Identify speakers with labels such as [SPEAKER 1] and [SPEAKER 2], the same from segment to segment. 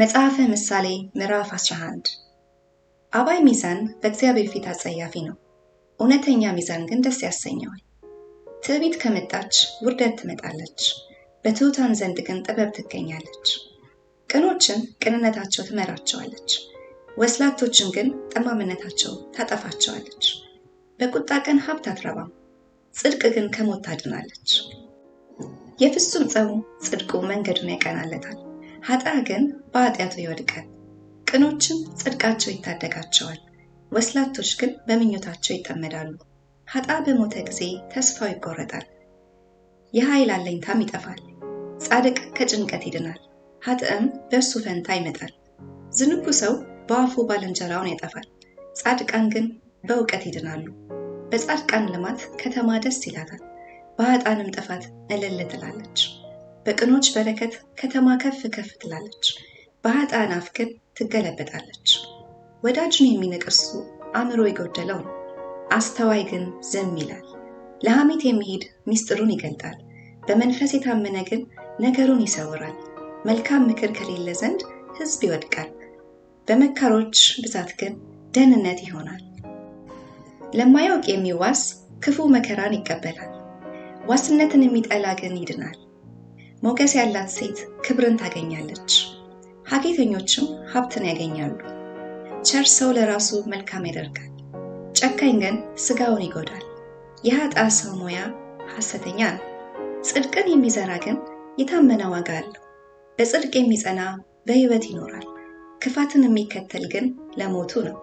[SPEAKER 1] መጽሐፈ ምሳሌ ምዕራፍ 11 አባይ ሚዛን በእግዚአብሔር ፊት አጸያፊ ነው፣ እውነተኛ ሚዛን ግን ደስ ያሰኘዋል። ትዕቢት ከመጣች ውርደት ትመጣለች፣ በትሑታን ዘንድ ግን ጥበብ ትገኛለች። ቅኖችን ቅንነታቸው ትመራቸዋለች፣ ወስላቶችን ግን ጠማምነታቸው ታጠፋቸዋለች። በቁጣ ቀን ሀብት አትረባም፣ ጽድቅ ግን ከሞት ታድናለች። የፍጹም ሰው ጽድቁ መንገዱን ያቀናለታል ኃጥእ ግን በኃጢአቱ ይወድቃል። ቅኖችም ጽድቃቸው ይታደጋቸዋል፣ ወስላቶች ግን በምኞታቸው ይጠመዳሉ። ኃጥእ በሞተ ጊዜ ተስፋው ይቆረጣል፣ የኃይል አለኝታም ይጠፋል። ጻድቅ ከጭንቀት ይድናል፣ ኃጥአም በእርሱ ፈንታ ይመጣል። ዝንጉ ሰው በአፉ ባልንጀራውን ያጠፋል፣ ጻድቃን ግን በእውቀት ይድናሉ። በጻድቃን ልማት ከተማ ደስ ይላታል፣ በኃጥኣንም ጥፋት እልል ትላለች። በቅኖች በረከት ከተማ ከፍ ከፍ ትላለች፣ በኃጥአን አፍ ግን ትገለበጣለች። ወዳጁን የሚንቅ አምሮ አእምሮ የጎደለው ነው፣ አስተዋይ ግን ዝም ይላል። ለሐሜት የሚሄድ ምስጢሩን ይገልጣል፣ በመንፈስ የታመነ ግን ነገሩን ይሰውራል። መልካም ምክር ከሌለ ዘንድ ሕዝብ ይወድቃል፣ በመካሮች ብዛት ግን ደህንነት ይሆናል። ለማያውቅ የሚዋስ ክፉ መከራን ይቀበላል፣ ዋስነትን የሚጠላ ግን ይድናል። ሞገስ ያላት ሴት ክብርን ታገኛለች፣ ሀኬተኞችም ሀብትን ያገኛሉ። ቸር ሰው ለራሱ መልካም ያደርጋል፣ ጨካኝ ግን ስጋውን ይጎዳል። የሀጣ ሰው ሙያ ሐሰተኛ ነው፣ ጽድቅን የሚዘራ ግን የታመነ ዋጋ አለው። በጽድቅ የሚጸና በሕይወት ይኖራል፣ ክፋትን የሚከተል ግን ለሞቱ ነው።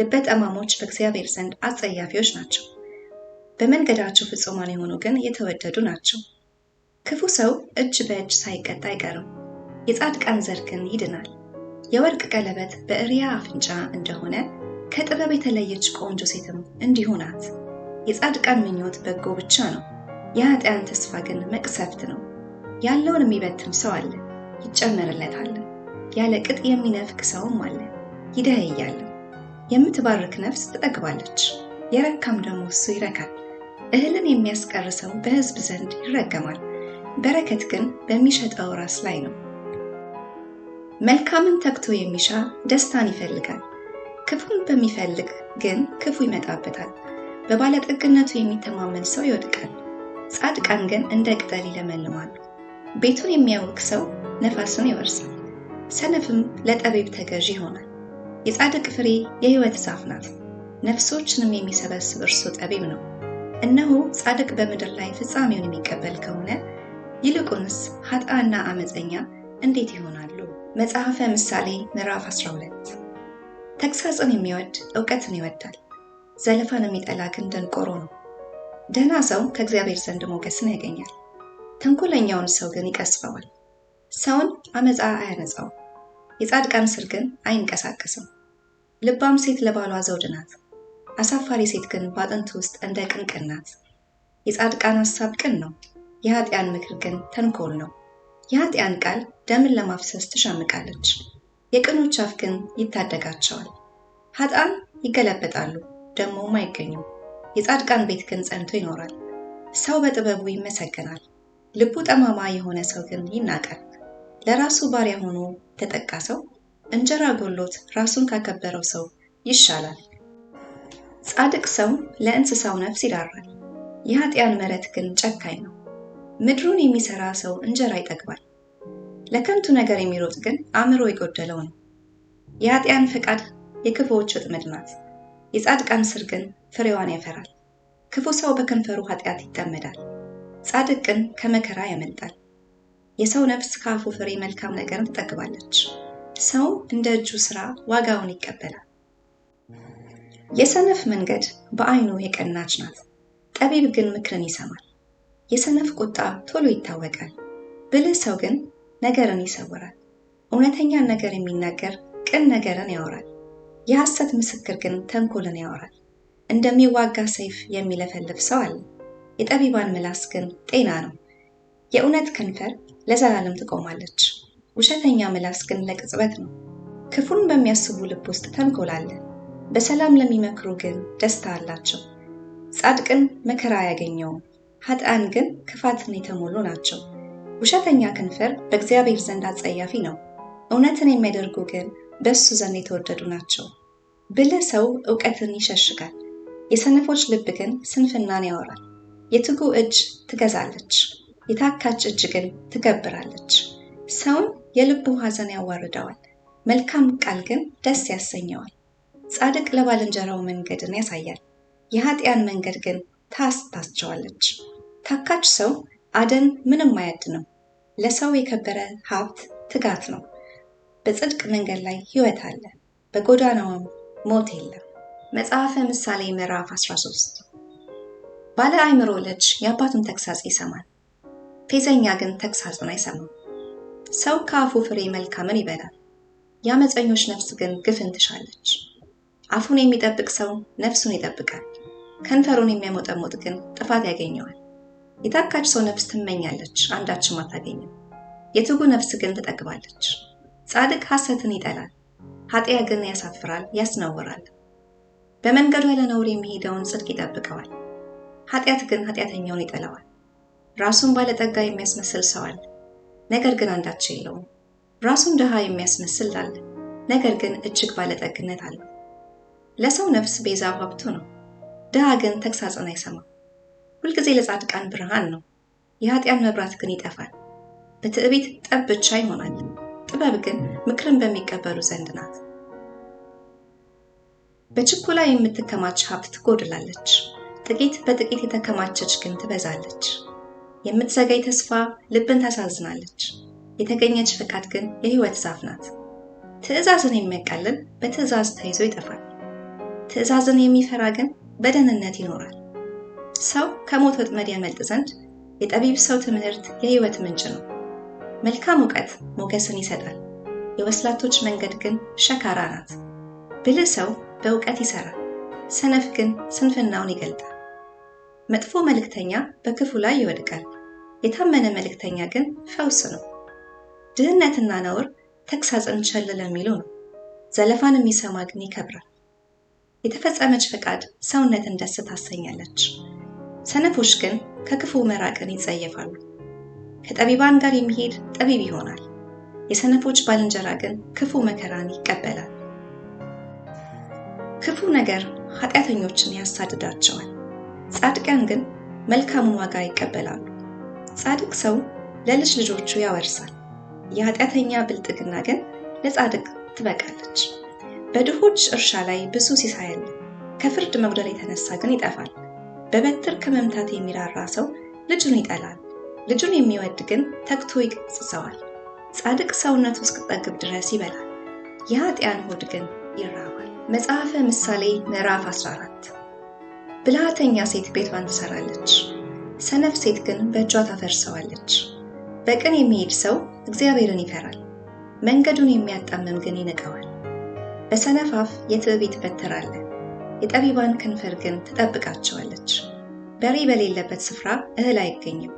[SPEAKER 1] ልበ ጠማሞች በእግዚአብሔር ዘንድ አጸያፊዎች ናቸው፣ በመንገዳቸው ፍጹማን የሆኑ ግን የተወደዱ ናቸው። ክፉ ሰው እጅ በእጅ ሳይቀጥ አይቀርም፣ የጻድቃን ዘር ግን ይድናል። የወርቅ ቀለበት በእርያ አፍንጫ እንደሆነ ከጥበብ የተለየች ቆንጆ ሴትም እንዲሁ ናት። የጻድቃን ምኞት በጎ ብቻ ነው፣ የኃጢያን ተስፋ ግን መቅሰፍት ነው። ያለውን የሚበትም ሰው አለ፣ ይጨመርለታል። ያለ ቅጥ የሚነፍቅ ሰውም አለ፣ ይደህያል። የምትባርክ ነፍስ ትጠግባለች፣ የረካም ደግሞ እሱ ይረካል። እህልን የሚያስቀር ሰው በሕዝብ ዘንድ ይረገማል። በረከት ግን በሚሸጠው ራስ ላይ ነው። መልካምን ተግቶ የሚሻ ደስታን ይፈልጋል፣ ክፉን በሚፈልግ ግን ክፉ ይመጣበታል። በባለጠግነቱ የሚተማመን ሰው ይወድቃል፣ ጻድቃን ግን እንደ ቅጠል ይለመልማሉ። ቤቱን የሚያውቅ ሰው ነፋስን ይወርሳል፣ ሰነፍም ለጠቢብ ተገዢ ይሆናል። የጻድቅ ፍሬ የህይወት ዛፍ ናት፣ ነፍሶችንም የሚሰበስብ እርሱ ጠቢብ ነው። እነሆ ጻድቅ በምድር ላይ ፍጻሜውን የሚቀበል ከሆነ ይልቁንስ ኃጥአና ዓመፀኛ እንዴት ይሆናሉ? መጽሐፈ ምሳሌ ምዕራፍ 12 ተግሳጽን የሚወድ እውቀትን ይወዳል፣ ዘለፋን የሚጠላ ግን ደንቆሮ ነው። ደህና ሰው ከእግዚአብሔር ዘንድ ሞገስን ያገኛል፣ ተንኮለኛውን ሰው ግን ይቀስፈዋል። ሰውን አመፃ አያነጻውም፣ የጻድቃን ስር ግን አይንቀሳቀስም። ልባም ሴት ለባሏ ዘውድ ናት፣ አሳፋሪ ሴት ግን በአጥንት ውስጥ እንደ ቅንቅን ናት። የጻድቃን ሀሳብ ቅን ነው የኃጢያን ምክር ግን ተንኮል ነው። የኃጢያን ቃል ደምን ለማፍሰስ ትሻምቃለች፣ የቅኖች አፍ ግን ይታደጋቸዋል። ኃጥአን ይገለበጣሉ ደግሞም አይገኙም፣ የጻድቃን ቤት ግን ጸንቶ ይኖራል። ሰው በጥበቡ ይመሰገናል፣ ልቡ ጠማማ የሆነ ሰው ግን ይናቃል። ለራሱ ባሪያ ሆኖ ተጠቃ ሰው እንጀራ ጎሎት ራሱን ካከበረው ሰው ይሻላል። ጻድቅ ሰው ለእንስሳው ነፍስ ይራራል፣ የኃጢያን መረት ግን ጨካኝ ነው። ምድሩን የሚሰራ ሰው እንጀራ ይጠግባል፣ ለከንቱ ነገር የሚሮጥ ግን አእምሮ የጎደለው ነው። የኃጢያን ፈቃድ የክፉዎች ወጥመድ ናት፣ የጻድቃን ስር ግን ፍሬዋን ያፈራል። ክፉ ሰው በከንፈሩ ኃጢአት ይጠመዳል፣ ጻድቅ ግን ከመከራ ያመልጣል። የሰው ነፍስ ከአፉ ፍሬ መልካም ነገርን ትጠግባለች፣ ሰው እንደ እጁ ሥራ ዋጋውን ይቀበላል። የሰነፍ መንገድ በአይኑ የቀናች ናት፣ ጠቢብ ግን ምክርን ይሰማል። የሰነፍ ቁጣ ቶሎ ይታወቃል። ብልህ ሰው ግን ነገርን ይሰውራል። እውነተኛን ነገር የሚናገር ቅን ነገርን ያወራል። የሐሰት ምስክር ግን ተንኮልን ያወራል። እንደሚዋጋ ሰይፍ የሚለፈልፍ ሰው አለ። የጠቢባን ምላስ ግን ጤና ነው። የእውነት ከንፈር ለዘላለም ትቆማለች። ውሸተኛ ምላስ ግን ለቅጽበት ነው። ክፉን በሚያስቡ ልብ ውስጥ ተንኮል አለ። በሰላም ለሚመክሩ ግን ደስታ አላቸው። ጻድቅን መከራ አያገኘውም፣ ኃጥአን ግን ክፋትን የተሞሉ ናቸው። ውሸተኛ ከንፈር በእግዚአብሔር ዘንድ አጸያፊ ነው፣ እውነትን የሚያደርጉ ግን በእሱ ዘንድ የተወደዱ ናቸው። ብልህ ሰው እውቀትን ይሸሽጋል፣ የሰነፎች ልብ ግን ስንፍናን ያወራል። የትጉ እጅ ትገዛለች፣ የታካች እጅ ግን ትገብራለች። ሰውን የልቡ ሐዘን ያዋርደዋል፣ መልካም ቃል ግን ደስ ያሰኘዋል። ጻድቅ ለባልንጀራው መንገድን ያሳያል፣ የኃጢያን መንገድ ግን ታስታስቸዋለች። ታካች ሰው አደን ምንም አያድንም። ለሰው የከበረ ሀብት ትጋት ነው። በጽድቅ መንገድ ላይ ሕይወት አለ፣ በጎዳናውም ሞት የለም። መጽሐፈ ምሳሌ ምዕራፍ 13 ባለ አእምሮ ልጅ የአባቱን ተግሳጽ ይሰማል፣ ፌዘኛ ግን ተግሳጹን አይሰማም። ሰው ከአፉ ፍሬ መልካምን ይበላል፣ የአመፀኞች ነፍስ ግን ግፍን ትሻለች። አፉን የሚጠብቅ ሰው ነፍሱን ይጠብቃል፣ ከንፈሩን የሚያሞጠሞጥ ግን ጥፋት ያገኘዋል። የታካች ሰው ነፍስ ትመኛለች፣ አንዳችም አታገኝም። የትጉ ነፍስ ግን ትጠግባለች። ጻድቅ ሐሰትን ይጠላል፣ ኃጢያ ግን ያሳፍራል፣ ያስነውራል። በመንገዱ ያለ ነውር የሚሄደውን ጽድቅ ይጠብቀዋል፣ ኃጢአት ግን ኃጢአተኛውን ይጠላዋል። ራሱን ባለጠጋ የሚያስመስል ሰው አለ፣ ነገር ግን አንዳች የለውም። ራሱን ድሃ የሚያስመስል አለ፣ ነገር ግን እጅግ ባለጠግነት አለው። ለሰው ነፍስ ቤዛው ሀብቱ ነው፣ ድሃ ግን ተግሳጽን አይሰማም። ሁልጊዜ ለጻድቃን ብርሃን ነው፣ የኃጢአን መብራት ግን ይጠፋል። በትዕቢት ጠብ ብቻ ይሆናል፣ ጥበብ ግን ምክርን በሚቀበሉ ዘንድ ናት። በችኮላ የምትከማች ሀብት ትጎድላለች፣ ጥቂት በጥቂት የተከማቸች ግን ትበዛለች። የምትዘገይ ተስፋ ልብን ታሳዝናለች፣ የተገኘች ፈቃድ ግን የሕይወት ዛፍ ናት። ትእዛዝን የሚያቃልል በትእዛዝ ተይዞ ይጠፋል። ትእዛዝን የሚፈራ ግን በደህንነት ይኖራል። ሰው ከሞት ወጥመድ ያመልጥ ዘንድ የጠቢብ ሰው ትምህርት የህይወት ምንጭ ነው። መልካም እውቀት ሞገስን ይሰጣል፣ የወስላቶች መንገድ ግን ሸካራ ናት። ብልህ ሰው በእውቀት ይሰራል፣ ሰነፍ ግን ስንፍናውን ይገልጣል። መጥፎ መልእክተኛ በክፉ ላይ ይወድቃል፣ የታመነ መልእክተኛ ግን ፈውስ ነው። ድህነትና ነውር ተግሳጽን ቸል ለሚሉ ነው፣ ዘለፋን የሚሰማ ግን ይከብራል። የተፈጸመች ፈቃድ ሰውነትን ደስ ታሰኛለች። ሰነፎች ግን ከክፉ መራቅን ይጸየፋሉ። ከጠቢባን ጋር የሚሄድ ጠቢብ ይሆናል። የሰነፎች ባልንጀራ ግን ክፉ መከራን ይቀበላል። ክፉ ነገር ኃጢአተኞችን ያሳድዳቸዋል፣ ጻድቃን ግን መልካሙን ዋጋ ይቀበላሉ። ጻድቅ ሰው ለልጅ ልጆቹ ያወርሳል፣ የኃጢአተኛ ብልጥግና ግን ለጻድቅ ትበቃለች። በድሆች እርሻ ላይ ብዙ ሲሳይ አለ፣ ከፍርድ መጉደል የተነሳ ግን ይጠፋል። በበትር ከመምታት የሚራራ ሰው ልጁን ይጠላል፣ ልጁን የሚወድ ግን ተግቶ ይቀጽሰዋል ጻድቅ ሰውነቱ እስክጠግብ ድረስ ይበላል፣ የኃጢያን ሆድ ግን ይራባል። መጽሐፈ ምሳሌ ምዕራፍ 14 ብልሃተኛ ሴት ቤቷን ትሰራለች፣ ሰነፍ ሴት ግን በእጇ ታፈርሰዋለች። በቅን የሚሄድ ሰው እግዚአብሔርን ይፈራል፣ መንገዱን የሚያጣምም ግን ይንቀዋል። በሰነፋፍ አፍ የትዕቢት በትር አለ፣ የጠቢባን ከንፈር ግን ትጠብቃቸዋለች። በሬ በሌለበት ስፍራ እህል አይገኝም፣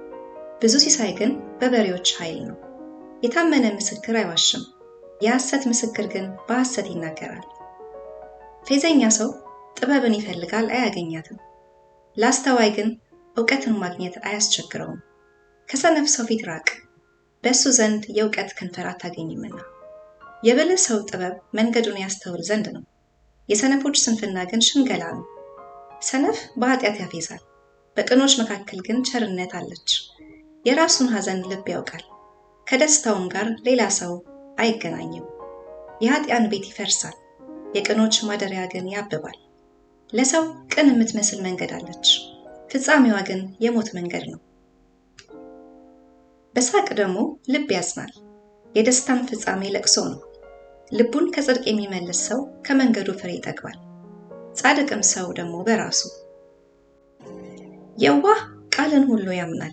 [SPEAKER 1] ብዙ ሲሳይ ግን በበሬዎች ኃይል ነው። የታመነ ምስክር አይዋሽም፣ የሐሰት ምስክር ግን በሐሰት ይናገራል። ፌዘኛ ሰው ጥበብን ይፈልጋል አያገኛትም፣ ላስተዋይ ግን እውቀትን ማግኘት አያስቸግረውም። ከሰነፍ ሰው ፊት ራቅ፣ በእሱ ዘንድ የእውቀት ከንፈር አታገኝምና። የብልህ ሰው ጥበብ መንገዱን ያስተውል ዘንድ ነው። የሰነፎች ስንፍና ግን ሽንገላ ነው። ሰነፍ በኃጢአት ያፌዛል፣ በቅኖች መካከል ግን ቸርነት አለች። የራሱን ሐዘን ልብ ያውቃል፣ ከደስታውም ጋር ሌላ ሰው አይገናኝም። የኃጢያን ቤት ይፈርሳል፣ የቅኖች ማደሪያ ግን ያብባል። ለሰው ቅን የምትመስል መንገድ አለች፣ ፍጻሜዋ ግን የሞት መንገድ ነው። በሳቅ ደግሞ ልብ ያዝናል፣ የደስታም ፍጻሜ ለቅሶ ነው። ልቡን ከጽድቅ የሚመልስ ሰው ከመንገዱ ፍሬ ይጠግባል፣ ጻድቅም ሰው ደግሞ በራሱ። የዋህ ቃልን ሁሉ ያምናል፣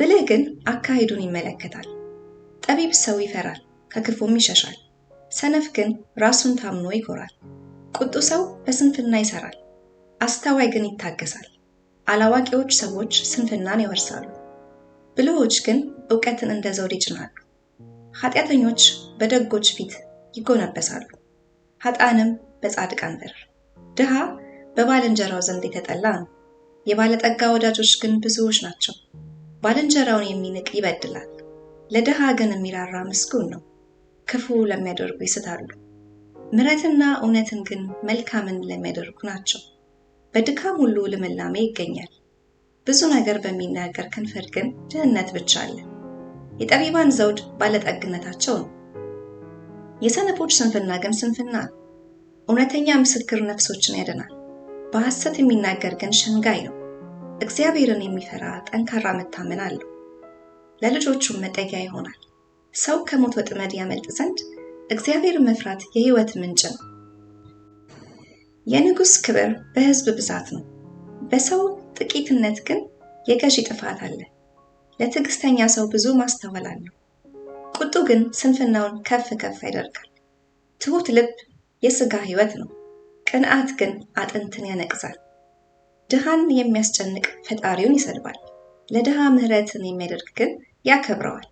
[SPEAKER 1] ብልህ ግን አካሄዱን ይመለከታል። ጠቢብ ሰው ይፈራል፣ ከክፉም ይሸሻል። ሰነፍ ግን ራሱን ታምኖ ይኮራል። ቁጡ ሰው በስንፍና ይሰራል፣ አስተዋይ ግን ይታገሳል። አላዋቂዎች ሰዎች ስንፍናን ይወርሳሉ፣ ብልሆች ግን እውቀትን እንደ ዘውድ ይጭናሉ። ኃጢአተኞች በደጎች ፊት ይጎነበሳሉ። ኃጣንም በጻድቃን አንበር። ድሃ በባልንጀራው ዘንድ የተጠላ ነው፣ የባለጠጋ ወዳጆች ግን ብዙዎች ናቸው። ባልንጀራውን የሚንቅ ይበድላል፣ ለድሃ ግን የሚራራ ምስጉን ነው። ክፉ ለሚያደርጉ ይስታሉ፣ ምሕረትና እውነትን ግን መልካምን ለሚያደርጉ ናቸው። በድካም ሁሉ ልምላሜ ይገኛል፣ ብዙ ነገር በሚናገር ከንፈር ግን ድህነት ብቻ አለ። የጠቢባን ዘውድ ባለጠግነታቸው ነው የሰነፎች ስንፍና ግን ስንፍና ነው። እውነተኛ ምስክር ነፍሶችን ያድናል፣ በሐሰት የሚናገር ግን ሸንጋይ ነው። እግዚአብሔርን የሚፈራ ጠንካራ መታመን አለው፣ ለልጆቹም መጠጊያ ይሆናል። ሰው ከሞት ወጥመድ ያመልጥ ዘንድ እግዚአብሔር መፍራት የሕይወት ምንጭ ነው። የንጉሥ ክብር በሕዝብ ብዛት ነው፣ በሰው ጥቂትነት ግን የገዢ ጥፋት አለ። ለትዕግሥተኛ ሰው ብዙ ማስተዋል አለው። ቁጡ ግን ስንፍናውን ከፍ ከፍ ያደርጋል። ትሁት ልብ የስጋ ሕይወት ነው፣ ቅንዓት ግን አጥንትን ያነቅሳል። ድሃን የሚያስጨንቅ ፈጣሪውን ይሰድባል፣ ለድሃ ምህረትን የሚያደርግ ግን ያከብረዋል።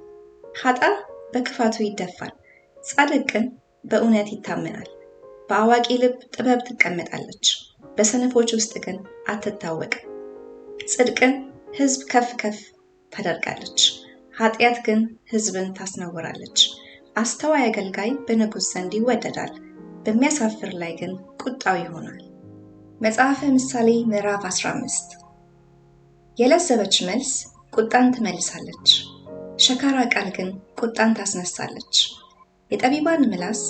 [SPEAKER 1] ኃጥእ በክፋቱ ይደፋል፣ ጻድቅ ግን በእውነት ይታመናል። በአዋቂ ልብ ጥበብ ትቀመጣለች፣ በሰነፎች ውስጥ ግን አትታወቅም። ጽድቅን ሕዝብ ከፍ ከፍ ታደርጋለች ኃጢአት ግን ሕዝብን ታስነውራለች። አስተዋይ አገልጋይ በንጉሥ ዘንድ ይወደዳል፣ በሚያሳፍር ላይ ግን ቁጣው ይሆናል። መጽሐፈ ምሳሌ ምዕራፍ 15 የለዘበች መልስ ቁጣን ትመልሳለች፣ ሸካራ ቃል ግን ቁጣን ታስነሳለች። የጠቢባን ምላስ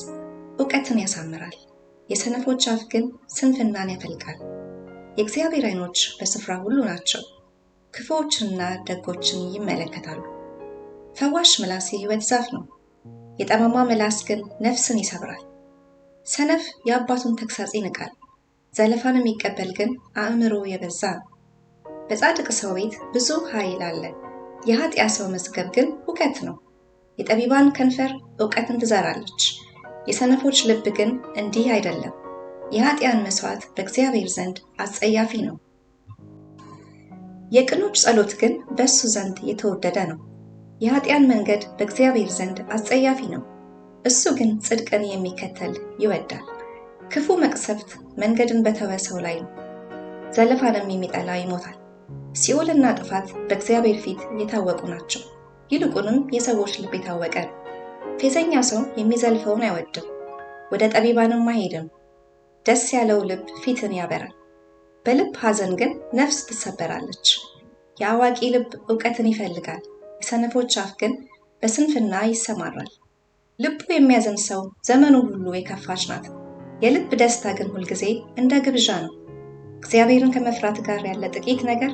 [SPEAKER 1] እውቀትን ያሳምራል፣ የሰነፎች አፍ ግን ስንፍናን ያፈልቃል። የእግዚአብሔር ዓይኖች በስፍራ ሁሉ ናቸው፣ ክፉዎችንና ደጎችን ይመለከታሉ። ፈዋሽ ምላስ የህይወት ዛፍ ነው፣ የጠመማ ምላስ ግን ነፍስን ይሰብራል። ሰነፍ የአባቱን ተግሳጽ ይንቃል፣ ዘለፋን የሚቀበል ግን አእምሮ የበዛ ነው። በጻድቅ ሰው ቤት ብዙ ኃይል አለ፣ የኃጢያ ሰው መዝገብ ግን ሁከት ነው። የጠቢባን ከንፈር እውቀትን ትዘራለች፣ የሰነፎች ልብ ግን እንዲህ አይደለም። የኃጢያን መስዋዕት በእግዚአብሔር ዘንድ አጸያፊ ነው፣ የቅኖች ጸሎት ግን በእሱ ዘንድ የተወደደ ነው። የኃጢያን መንገድ በእግዚአብሔር ዘንድ አጸያፊ ነው፣ እሱ ግን ጽድቅን የሚከተል ይወዳል። ክፉ መቅሰፍት መንገድን በተወ ሰው ላይ ነው፣ ዘለፋንም የሚጠላ ይሞታል። ሲኦልና ጥፋት በእግዚአብሔር ፊት የታወቁ ናቸው፣ ይልቁንም የሰዎች ልብ የታወቀ ነው። ፌዘኛ ሰው የሚዘልፈውን አይወድም፣ ወደ ጠቢባንም አይሄድም። ደስ ያለው ልብ ፊትን ያበራል፣ በልብ ሐዘን ግን ነፍስ ትሰበራለች። የአዋቂ ልብ እውቀትን ይፈልጋል የሰነፎች አፍ ግን በስንፍና ይሰማራል። ልቡ የሚያዘን ሰው ዘመኑ ሁሉ የከፋች ናት። የልብ ደስታ ግን ሁልጊዜ እንደ ግብዣ ነው። እግዚአብሔርን ከመፍራት ጋር ያለ ጥቂት ነገር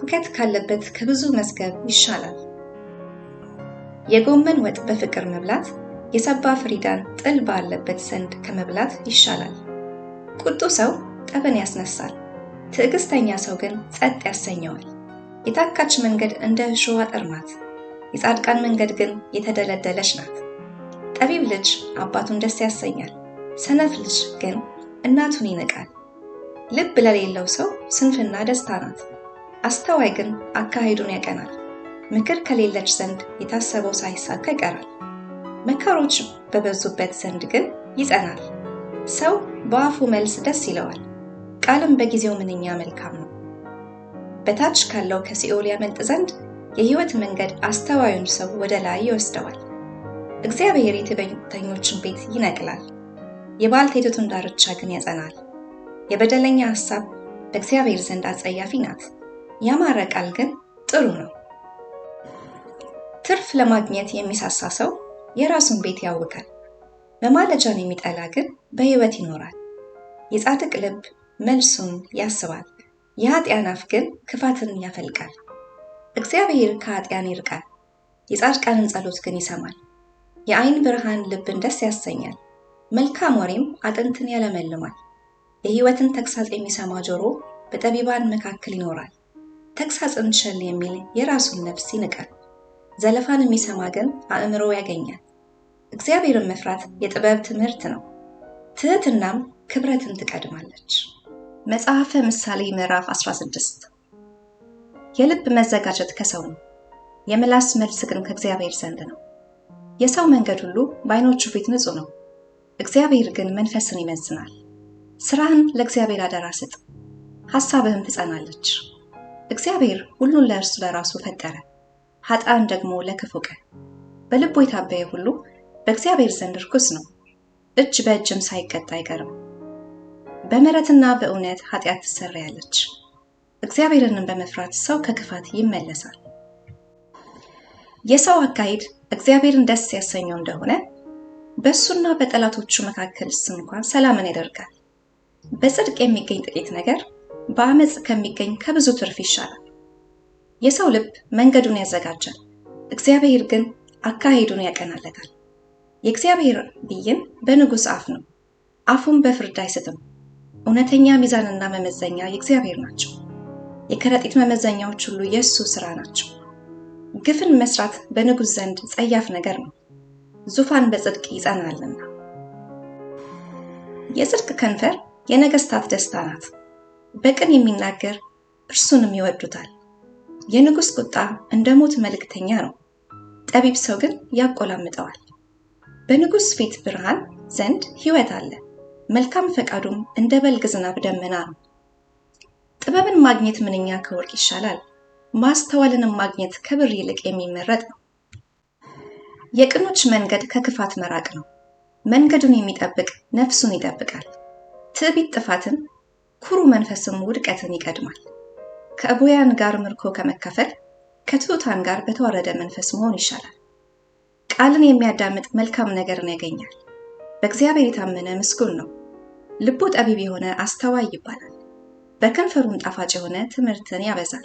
[SPEAKER 1] ሁከት ካለበት ከብዙ መዝገብ ይሻላል። የጎመን ወጥ በፍቅር መብላት የሰባ ፍሪዳን ጥል ባለበት ዘንድ ከመብላት ይሻላል። ቁጡ ሰው ጠብን ያስነሳል፣ ትዕግስተኛ ሰው ግን ጸጥ ያሰኘዋል። የታካች መንገድ እንደ እሾህ አጥር ናት፣ የጻድቃን መንገድ ግን የተደለደለች ናት። ጠቢብ ልጅ አባቱን ደስ ያሰኛል፣ ሰነፍ ልጅ ግን እናቱን ይንቃል። ልብ ለሌለው ሰው ስንፍና ደስታ ናት፣ አስተዋይ ግን አካሄዱን ያቀናል። ምክር ከሌለች ዘንድ የታሰበው ሳይሳካ ይቀራል፣ መከሮች በበዙበት ዘንድ ግን ይጸናል። ሰው በአፉ መልስ ደስ ይለዋል፣ ቃልም በጊዜው ምንኛ መልካም ነው። በታች ካለው ከሲኦል ያመልጥ ዘንድ የሕይወት መንገድ አስተዋዩን ሰው ወደ ላይ ይወስደዋል። እግዚአብሔር የትዕቢተኞችን ቤት ይነቅላል፣ የባልቴቲቱን ዳርቻ ግን ያጸናል። የበደለኛ ሀሳብ በእግዚአብሔር ዘንድ አጸያፊ ናት፣ ያማረ ቃል ግን ጥሩ ነው። ትርፍ ለማግኘት የሚሳሳ ሰው የራሱን ቤት ያውቃል። መማለጃን የሚጠላ ግን በሕይወት ይኖራል። የጻድቅ ልብ መልሱን ያስባል። የኃጢአን አፍ ግን ክፋትን ያፈልቃል። እግዚአብሔር ከኃጢአን ይርቃል፣ የጻድቃንን ጸሎት ግን ይሰማል። የአይን ብርሃን ልብን ደስ ያሰኛል፣ መልካም ወሬም አጥንትን ያለመልማል። የሕይወትን ተግሳጽ የሚሰማ ጆሮ በጠቢባን መካከል ይኖራል። ተግሳጽን ቸል የሚል የራሱን ነፍስ ይንቃል፣ ዘለፋን የሚሰማ ግን አእምሮ ያገኛል። እግዚአብሔርን መፍራት የጥበብ ትምህርት ነው፣ ትሕትናም ክብረትን ትቀድማለች። መጽሐፈ ምሳሌ ምዕራፍ 16 የልብ መዘጋጀት ከሰው ነው፣ የምላስ መልስ ግን ከእግዚአብሔር ዘንድ ነው። የሰው መንገድ ሁሉ በዓይኖቹ ፊት ንጹህ ነው፣ እግዚአብሔር ግን መንፈስን ይመዝናል። ስራህን ለእግዚአብሔር አደራ ስጥ፣ ሐሳብህም ትጸናለች። እግዚአብሔር ሁሉን ለእርሱ ለራሱ ፈጠረ፣ ኃጥአን ደግሞ ለክፉ ቀን። በልቡ የታበየ ሁሉ በእግዚአብሔር ዘንድ ርኩስ ነው፣ እጅ በእጅም ሳይቀጣ አይቀርም። በምሕረትና በእውነት ኃጢአት ትሰረያለች። እግዚአብሔርንም በመፍራት ሰው ከክፋት ይመለሳል። የሰው አካሄድ እግዚአብሔርን ደስ ያሰኘው እንደሆነ በእሱና በጠላቶቹ መካከልስ እንኳን ሰላምን ያደርጋል። በጽድቅ የሚገኝ ጥቂት ነገር በአመፅ ከሚገኝ ከብዙ ትርፍ ይሻላል። የሰው ልብ መንገዱን ያዘጋጃል፣ እግዚአብሔር ግን አካሄዱን ያቀናለታል። የእግዚአብሔር ብይን በንጉሥ አፍ ነው፣ አፉም በፍርድ አይስትም። እውነተኛ ሚዛንና መመዘኛ የእግዚአብሔር ናቸው። የከረጢት መመዘኛዎች ሁሉ የእሱ ሥራ ናቸው። ግፍን መስራት በንጉሥ ዘንድ ጸያፍ ነገር ነው፣ ዙፋን በጽድቅ ይጸናልና። የጽድቅ ከንፈር የነገሥታት ደስታ ናት። በቅን የሚናገር እርሱንም ይወዱታል። የንጉሥ ቁጣ እንደ ሞት መልእክተኛ ነው፣ ጠቢብ ሰው ግን ያቆላምጠዋል። በንጉሥ ፊት ብርሃን ዘንድ ሕይወት አለ መልካም ፈቃዱም እንደ በልግ ዝናብ ደመና ነው። ጥበብን ማግኘት ምንኛ ከወርቅ ይሻላል፣ ማስተዋልንም ማግኘት ከብር ይልቅ የሚመረጥ ነው። የቅኖች መንገድ ከክፋት መራቅ ነው። መንገዱን የሚጠብቅ ነፍሱን ይጠብቃል። ትዕቢት ጥፋትን፣ ኩሩ መንፈስም ውድቀትን ይቀድማል። ከዕቡያን ጋር ምርኮ ከመካፈል ከትሑታን ጋር በተዋረደ መንፈስ መሆን ይሻላል። ቃልን የሚያዳምጥ መልካም ነገርን ያገኛል። በእግዚአብሔር የታመነ ምስጉን ነው። ልቡ ጠቢብ የሆነ አስተዋይ ይባላል። በከንፈሩም ጣፋጭ የሆነ ትምህርትን ያበዛል።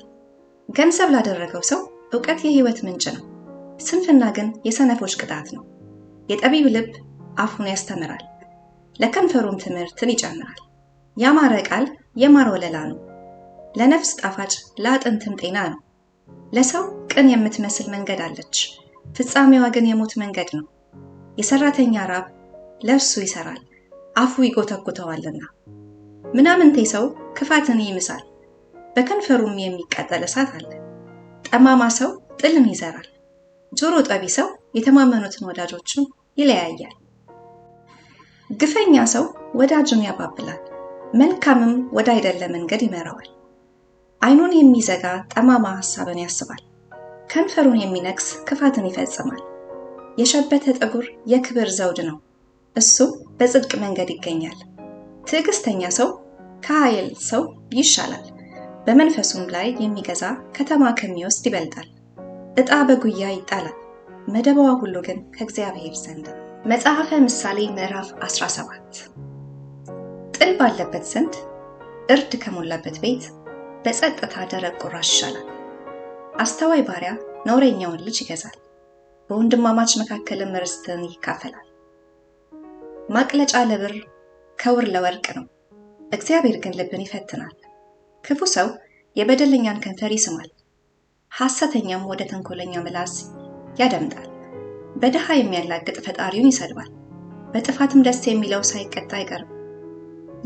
[SPEAKER 1] ገንዘብ ላደረገው ሰው እውቀት የህይወት ምንጭ ነው። ስንፍና ግን የሰነፎች ቅጣት ነው። የጠቢብ ልብ አፉን ያስተምራል፣ ለከንፈሩም ትምህርትን ይጨምራል። ያማረ ቃል የማር ወለላ ነው፣ ለነፍስ ጣፋጭ ለአጥንትም ጤና ነው። ለሰው ቅን የምትመስል መንገድ አለች፣ ፍጻሜዋ ግን የሞት መንገድ ነው። የሰራተኛ ራብ ለእርሱ ይሰራል፣ አፉ ይጎተጉተዋልና። ምናምንቴ ሰው ክፋትን ይምሳል፣ በከንፈሩም የሚቃጠል እሳት አለ። ጠማማ ሰው ጥልን ይዘራል፣ ጆሮ ጠቢ ሰው የተማመኑትን ወዳጆቹን ይለያያል። ግፈኛ ሰው ወዳጁን ያባብላል፣ መልካምም ወደ አይደለ መንገድ ይመራዋል። ዓይኑን የሚዘጋ ጠማማ ሐሳብን ያስባል፣ ከንፈሩን የሚነክስ ክፋትን ይፈጽማል። የሸበተ ጠጉር የክብር ዘውድ ነው፣ እሱም በጽድቅ መንገድ ይገኛል። ትዕግስተኛ ሰው ከኃይል ሰው ይሻላል። በመንፈሱም ላይ የሚገዛ ከተማ ከሚወስድ ይበልጣል። ዕጣ በጉያ ይጣላል፣ መደባዋ ሁሉ ግን ከእግዚአብሔር ዘንድ። መጽሐፈ ምሳሌ ምዕራፍ 17 ጥል ባለበት ዘንድ እርድ ከሞላበት ቤት በጸጥታ ደረቅ ቁራሽ ይሻላል። አስተዋይ ባሪያ ነውረኛውን ልጅ ይገዛል፣ በወንድማማች መካከልም ርስትን ይካፈላል። ማቅለጫ ለብር ከውር ለወርቅ ነው። እግዚአብሔር ግን ልብን ይፈትናል። ክፉ ሰው የበደለኛን ከንፈር ይስማል፣ ሐሰተኛም ወደ ተንኮለኛ ምላስ ያደምጣል። በድሃ የሚያላግጥ ፈጣሪውን ይሰድባል፣ በጥፋትም ደስ የሚለው ሳይቀጣ አይቀርም።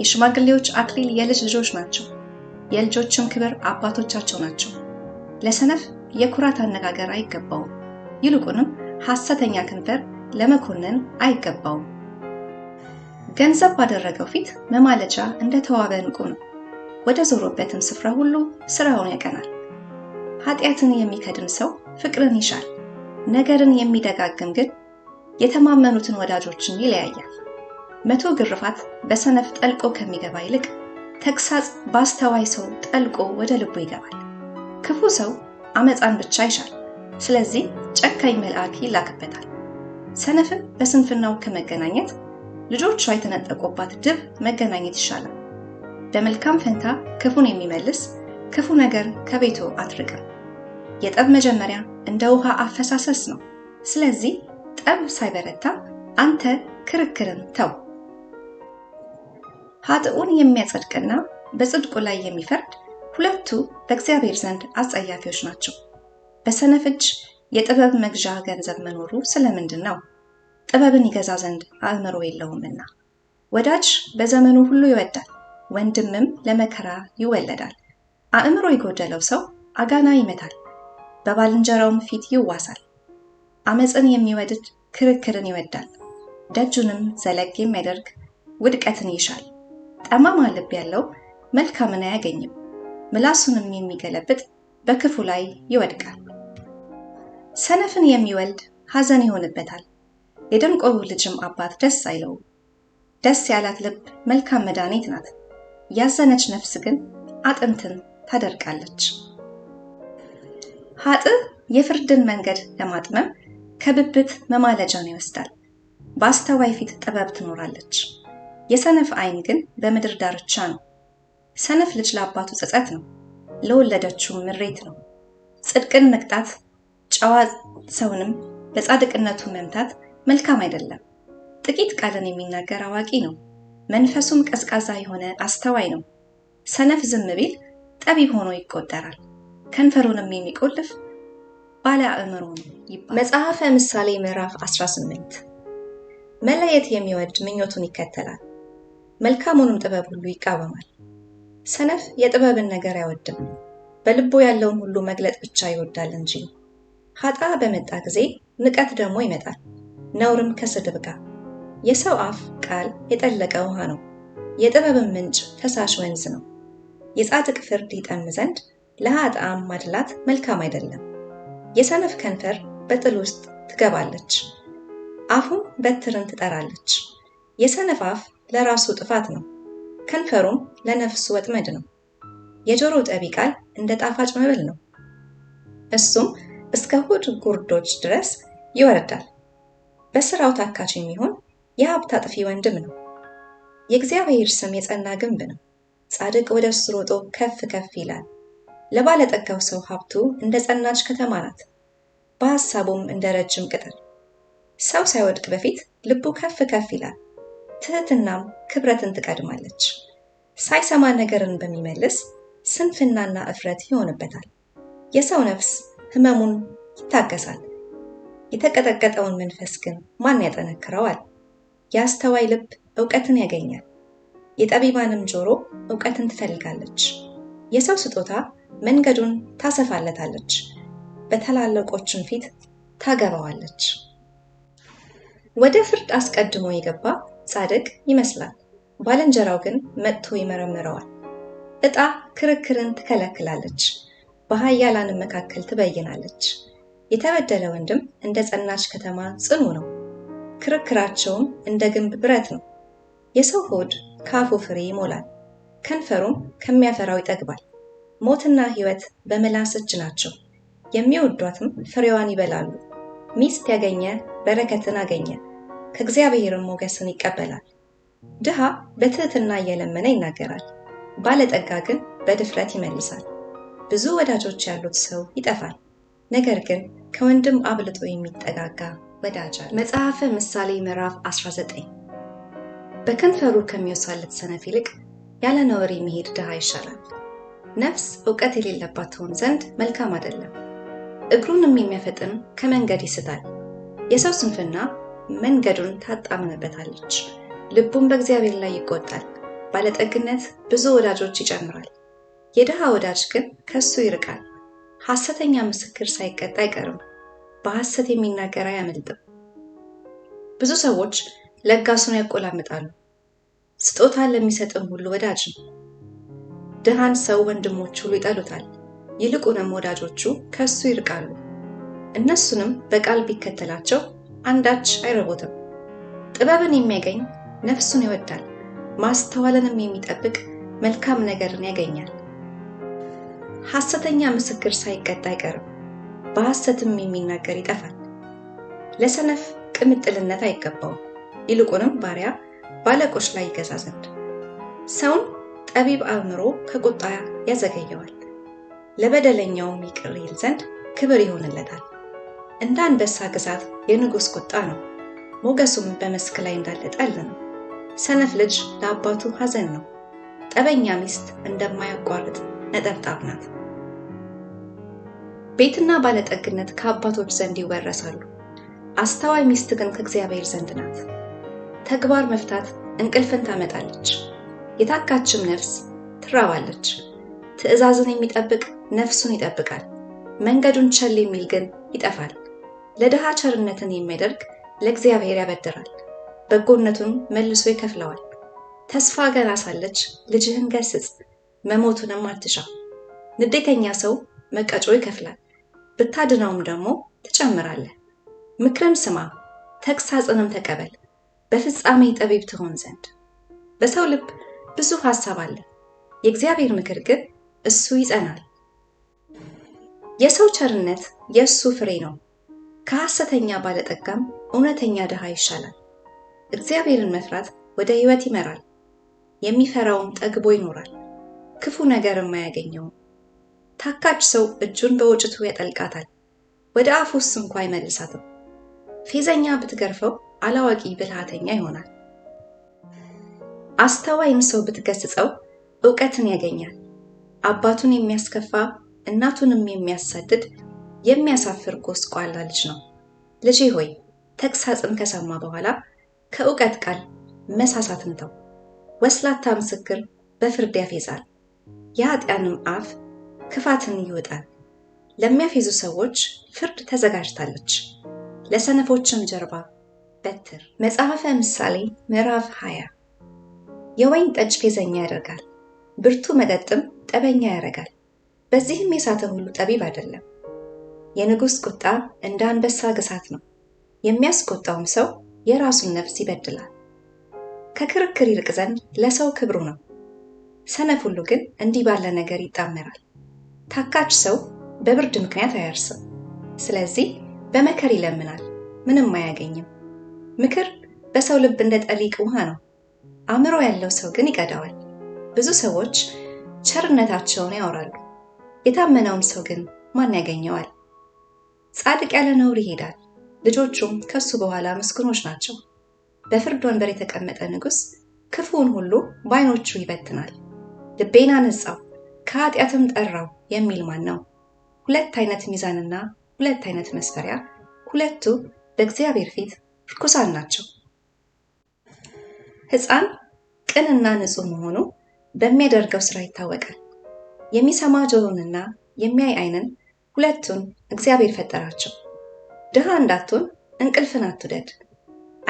[SPEAKER 1] የሽማግሌዎች አክሊል የልጅ ልጆች ናቸው፣ የልጆችም ክብር አባቶቻቸው ናቸው። ለሰነፍ የኩራት አነጋገር አይገባውም፣ ይልቁንም ሐሰተኛ ከንፈር ለመኮንን አይገባውም። ገንዘብ ባደረገው ፊት መማለጃ እንደ ተዋበ እንቁ ነው። ወደ ዞሮበትም ስፍራ ሁሉ ስራውን ያቀናል። ኃጢአትን የሚከድን ሰው ፍቅርን ይሻል፣ ነገርን የሚደጋግም ግን የተማመኑትን ወዳጆችን ይለያያል። መቶ ግርፋት በሰነፍ ጠልቆ ከሚገባ ይልቅ ተግሳጽ በአስተዋይ ሰው ጠልቆ ወደ ልቡ ይገባል። ክፉ ሰው አመፃን ብቻ ይሻል፣ ስለዚህ ጨካኝ መልአክ ይላክበታል። ሰነፍን በስንፍናው ከመገናኘት ልጆቿ የተነጠቁባት ድብ መገናኘት ይሻላል። በመልካም ፈንታ ክፉን የሚመልስ ክፉ ነገር ከቤቱ አትርቅም። የጠብ መጀመሪያ እንደ ውሃ አፈሳሰስ ነው። ስለዚህ ጠብ ሳይበረታ አንተ ክርክርን ተው። ኃጥኡን የሚያጸድቅና በጽድቁ ላይ የሚፈርድ ሁለቱ በእግዚአብሔር ዘንድ አጸያፊዎች ናቸው። በሰነፍ እጅ የጥበብ መግዣ ገንዘብ መኖሩ ስለምንድን ነው? ጥበብን ይገዛ ዘንድ አእምሮ የለውምና። ወዳጅ በዘመኑ ሁሉ ይወዳል፣ ወንድምም ለመከራ ይወለዳል። አእምሮ የጎደለው ሰው አጋና ይመታል፣ በባልንጀራውም ፊት ይዋሳል። አመፅን የሚወድድ ክርክርን ይወዳል፣ ደጁንም ዘለግ የሚያደርግ ውድቀትን ይሻል። ጠማማ ልብ ያለው መልካምን አያገኝም፣ ምላሱንም የሚገለብጥ በክፉ ላይ ይወድቃል። ሰነፍን የሚወልድ ሐዘን ይሆንበታል፣ የደንቆሮ ልጅም አባት ደስ አይለው! ደስ ያላት ልብ መልካም መድኃኒት ናት፣ ያዘነች ነፍስ ግን አጥንትን ታደርቃለች። ሀጥ የፍርድን መንገድ ለማጥመም ከብብት መማለጃን ይወስዳል። በአስተዋይ ፊት ጥበብ ትኖራለች። የሰነፍ አይን ግን በምድር ዳርቻ ነው። ሰነፍ ልጅ ለአባቱ ጸጸት ነው፣ ለወለደችውም ምሬት ነው። ጽድቅን መቅጣት ጨዋ ሰውንም በጻድቅነቱ መምታት መልካም አይደለም። ጥቂት ቃልን የሚናገር አዋቂ ነው፣ መንፈሱም ቀዝቃዛ የሆነ አስተዋይ ነው። ሰነፍ ዝም ቢል ጠቢብ ሆኖ ይቆጠራል፣ ከንፈሩንም የሚቆልፍ ባለ አእምሮ ነው መጽሐፈ ምሳሌ ምዕራፍ 18 መለየት የሚወድ ምኞቱን ይከተላል፣ መልካሙንም ጥበብ ሁሉ ይቃወማል። ሰነፍ የጥበብን ነገር አይወድም፣ በልቦ ያለውን ሁሉ መግለጥ ብቻ ይወዳል እንጂ ኃጣ በመጣ ጊዜ ንቀት ደግሞ ይመጣል። ነውርም ከስድብ ጋር። የሰው አፍ ቃል የጠለቀ ውሃ ነው፣ የጥበብን ምንጭ ፈሳሽ ወንዝ ነው። የጻድቅ ፍርድ ይጠም ዘንድ ለሃጣም ማድላት መልካም አይደለም። የሰነፍ ከንፈር በጥል ውስጥ ትገባለች፣ አፉም በትርን ትጠራለች። የሰነፍ አፍ ለራሱ ጥፋት ነው፣ ከንፈሩም ለነፍሱ ወጥመድ ነው። የጆሮ ጠቢ ቃል እንደ ጣፋጭ መብል ነው፣ እሱም እስከ ሁድ ጉርዶች ድረስ ይወረዳል። በስራው ታካች የሚሆን የሀብት አጥፊ ወንድም ነው። የእግዚአብሔር ስም የጸና ግንብ ነው። ጻድቅ ወደ እርሱ ሮጦ ከፍ ከፍ ይላል። ለባለጠጋው ሰው ሀብቱ እንደ ጸናች ከተማ ናት፣ በሐሳቡም እንደ ረጅም ቅጥር። ሰው ሳይወድቅ በፊት ልቡ ከፍ ከፍ ይላል፣ ትህትናም ክብረትን ትቀድማለች። ሳይሰማ ነገርን በሚመልስ ስንፍናና እፍረት ይሆንበታል። የሰው ነፍስ ህመሙን ይታገሳል። የተቀጠቀጠውን መንፈስ ግን ማን ያጠነክረዋል? የአስተዋይ ልብ እውቀትን ያገኛል፣ የጠቢባንም ጆሮ እውቀትን ትፈልጋለች። የሰው ስጦታ መንገዱን ታሰፋለታለች፣ በታላላቆችም ፊት ታገባዋለች። ወደ ፍርድ አስቀድሞ የገባ ጻድቅ ይመስላል፣ ባልንጀራው ግን መጥቶ ይመረምረዋል። ዕጣ ክርክርን ትከለክላለች፣ በኃያላንም መካከል ትበይናለች። የተበደለ ወንድም እንደ ጸናች ከተማ ጽኑ ነው፣ ክርክራቸውም እንደ ግንብ ብረት ነው። የሰው ሆድ ከአፉ ፍሬ ይሞላል፣ ከንፈሩም ከሚያፈራው ይጠግባል። ሞትና ሕይወት በምላስ እጅ ናቸው፣ የሚወዷትም ፍሬዋን ይበላሉ። ሚስት ያገኘ በረከትን አገኘ፣ ከእግዚአብሔርም ሞገስን ይቀበላል። ድሃ በትህትና እየለመነ ይናገራል፣ ባለጠጋ ግን በድፍረት ይመልሳል። ብዙ ወዳጆች ያሉት ሰው ይጠፋል፣ ነገር ግን ከወንድም አብልጦ የሚጠጋጋ ወዳጃ መጽሐፈ ምሳሌ ምዕራፍ 19 በከንፈሩ ከሚወሳለት ሰነፍ ይልቅ ያለ ነውር የሚሄድ ድሃ ይሻላል። ነፍስ እውቀት የሌለባት ትሆን ዘንድ መልካም አይደለም። እግሩንም የሚያፈጥን ከመንገድ ይስታል። የሰው ስንፍና መንገዱን ታጣምምበታለች፣ ልቡም በእግዚአብሔር ላይ ይቆጣል። ባለጠግነት ብዙ ወዳጆች ይጨምራል፣ የድሃ ወዳጅ ግን ከሱ ይርቃል። ሐሰተኛ ምስክር ሳይቀጣ አይቀርም፣ በሐሰት የሚናገር አያመልጥም። ብዙ ሰዎች ለጋሱን ያቆላምጣሉ፣ ስጦታን ለሚሰጥም ሁሉ ወዳጅ ነው። ድሃን ሰው ወንድሞች ሁሉ ይጠሉታል፣ ይልቁንም ወዳጆቹ ከእሱ ይርቃሉ። እነሱንም በቃል ቢከተላቸው አንዳች አይረቦትም። ጥበብን የሚያገኝ ነፍሱን ይወዳል፣ ማስተዋልንም የሚጠብቅ መልካም ነገርን ያገኛል። ሐሰተኛ ምስክር ሳይቀጣ አይቀርም። በሐሰትም የሚናገር ይጠፋል። ለሰነፍ ቅምጥልነት አይገባውም፣ ይልቁንም ባሪያ ባለቆች ላይ ይገዛ ዘንድ። ሰውን ጠቢብ አእምሮ ከቁጣ ያዘገየዋል፣ ለበደለኛውም ይቅር ይል ዘንድ ክብር ይሆንለታል። እንደ አንበሳ ግዛት የንጉሥ ቁጣ ነው፣ ሞገሱም በመስክ ላይ እንዳለ ጠል ነው። ሰነፍ ልጅ ለአባቱ ሐዘን ነው፣ ጠበኛ ሚስት እንደማያቋርጥ ነጠብጣብ ናት። ቤትና ባለጠግነት ከአባቶች ዘንድ ይወረሳሉ፣ አስተዋይ ሚስት ግን ከእግዚአብሔር ዘንድ ናት። ተግባር መፍታት እንቅልፍን ታመጣለች፣ የታካችም ነፍስ ትራባለች። ትእዛዝን የሚጠብቅ ነፍሱን ይጠብቃል፣ መንገዱን ቸል የሚል ግን ይጠፋል። ለድሃ ቸርነትን የሚያደርግ ለእግዚአብሔር ያበድራል፣ በጎነቱን መልሶ ይከፍለዋል። ተስፋ ገና ሳለች ልጅህን ገስጽ፣ መሞቱንም አትሻ። ንዴተኛ ሰው መቀጮ ይከፍላል ብታድነውም ደግሞ ትጨምራለህ። ምክርም ስማ፣ ተግሳጽንም ተቀበል፣ በፍጻሜ ጠቢብ ትሆን ዘንድ። በሰው ልብ ብዙ ሐሳብ አለ፣ የእግዚአብሔር ምክር ግን እሱ ይጸናል። የሰው ቸርነት የእሱ ፍሬ ነው፣ ከሐሰተኛ ባለጠጋም እውነተኛ ድሃ ይሻላል። እግዚአብሔርን መፍራት ወደ ሕይወት ይመራል፣ የሚፈራውም ጠግቦ ይኖራል፣ ክፉ ነገርም አያገኘውም። ታካች ሰው እጁን በወጭቱ ያጠልቃታል፣ ወደ አፍ ውስጥ እንኳ አይመልሳትም። ፌዘኛ ብትገርፈው አላዋቂ ብልሃተኛ ይሆናል። አስተዋይም ሰው ብትገስጸው እውቀትን ያገኛል። አባቱን የሚያስከፋ እናቱንም የሚያሳድድ የሚያሳፍር ጎስቋላ ልጅ ነው። ልጄ ሆይ ተግሳጽን ከሰማ በኋላ ከእውቀት ቃል መሳሳትን ተው። ወስላታ ምስክር በፍርድ ያፌዛል፣ የኃጢአንም አፍ ክፋትን ይወጣል ለሚያፌዙ ሰዎች ፍርድ ተዘጋጅታለች፣ ለሰነፎችም ጀርባ በትር። መጽሐፈ ምሳሌ ምዕራፍ 20 የወይን ጠጅ ፌዘኛ ያደርጋል፣ ብርቱ መጠጥም ጠበኛ ያደርጋል። በዚህም የሳተ ሁሉ ጠቢብ አይደለም። የንጉሥ ቁጣ እንደ አንበሳ ግሳት ነው፣ የሚያስቆጣውም ሰው የራሱን ነፍስ ይበድላል። ከክርክር ይርቅ ዘንድ ለሰው ክብሩ ነው፣ ሰነፍ ሁሉ ግን እንዲህ ባለ ነገር ይጣመራል። ታካች ሰው በብርድ ምክንያት አያርስም። ስለዚህ በመከር ይለምናል፣ ምንም አያገኝም። ምክር በሰው ልብ እንደ ጠሊቅ ውሃ ነው፣ አእምሮ ያለው ሰው ግን ይቀዳዋል። ብዙ ሰዎች ቸርነታቸውን ያወራሉ፣ የታመነውን ሰው ግን ማን ያገኘዋል? ጻድቅ ያለ ነውር ይሄዳል፣ ልጆቹም ከሱ በኋላ ምስጉኖች ናቸው። በፍርድ ወንበር የተቀመጠ ንጉሥ ክፉውን ሁሉ በዓይኖቹ ይበትናል። ልቤን አነጻው ከኃጢአትም ጠራው የሚል ማን ነው? ሁለት አይነት ሚዛንና ሁለት አይነት መስፈሪያ፣ ሁለቱ በእግዚአብሔር ፊት ርኩሳን ናቸው። ሕፃን ቅንና ንጹህ መሆኑ በሚያደርገው ስራ ይታወቃል። የሚሰማ ጆሮንና የሚያይ አይንን ሁለቱን እግዚአብሔር ፈጠራቸው። ድሃ እንዳትሆን እንቅልፍን አትውደድ፣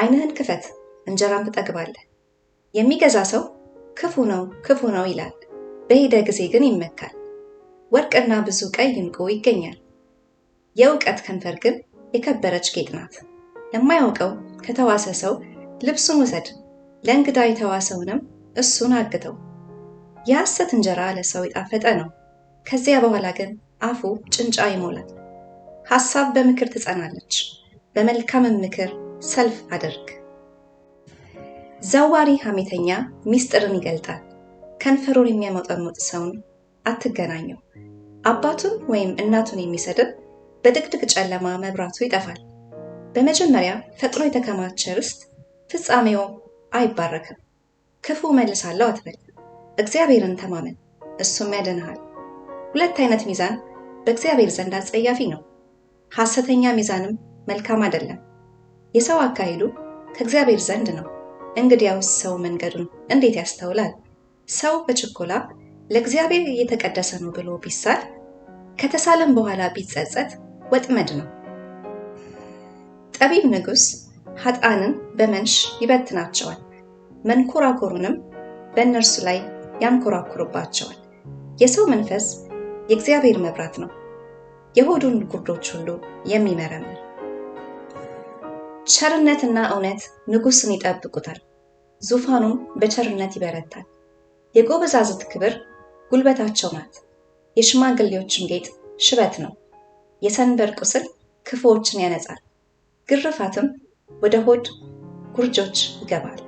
[SPEAKER 1] አይንህን ክፈት እንጀራም ትጠግባለህ። የሚገዛ ሰው ክፉ ነው ክፉ ነው ይላል፣ በሄደ ጊዜ ግን ይመካል። ወርቅና ብዙ ቀይ ዕንቁ ይገኛል። የእውቀት ከንፈር ግን የከበረች ጌጥ ናት። ለማያውቀው ከተዋሰ ሰው ልብሱን ውሰድ፣ ለእንግዳ የተዋሰውንም እሱን አግተው። የሐሰት እንጀራ ለሰው የጣፈጠ ነው፣ ከዚያ በኋላ ግን አፉ ጭንጫ ይሞላል። ሐሳብ በምክር ትጸናለች፣ በመልካምም ምክር ሰልፍ አድርግ። ዘዋሪ ሐሜተኛ ምስጢርን ይገልጣል፣ ከንፈሩን የሚያመጠሙጥ ሰውን አትገናኘው። አባቱን ወይም እናቱን የሚሰድብ በድቅድቅ ጨለማ መብራቱ ይጠፋል። በመጀመሪያ ፈጥኖ የተከማቸ ርስት ፍጻሜው አይባረክም። ክፉ መልሳለሁ አትበል፣ እግዚአብሔርን ተማመን እሱም ያድንሃል። ሁለት አይነት ሚዛን በእግዚአብሔር ዘንድ አጸያፊ ነው፣ ሐሰተኛ ሚዛንም መልካም አይደለም። የሰው አካሄዱ ከእግዚአብሔር ዘንድ ነው። እንግዲያውስ ሰው መንገዱን እንዴት ያስተውላል? ሰው በችኮላ ለእግዚአብሔር እየተቀደሰ ነው ብሎ ቢሳል ከተሳለም በኋላ ቢጸጸት ወጥመድ ነው። ጠቢብ ንጉሥ ሀጣንን በመንሽ ይበትናቸዋል፣ መንኮራኮሩንም በእነርሱ ላይ ያንኮራኩርባቸዋል። የሰው መንፈስ የእግዚአብሔር መብራት ነው፣ የሆዱን ጉርዶች ሁሉ የሚመረምር። ቸርነትና እውነት ንጉሥን ይጠብቁታል፣ ዙፋኑም በቸርነት ይበረታል። የጎበዛዝት ክብር ጉልበታቸው ናት። የሽማግሌዎችም ጌጥ ሽበት ነው። የሰንበር ቁስል ክፉዎችን ያነጻል፣ ግርፋትም ወደ ሆድ ጉርጆች ይገባል።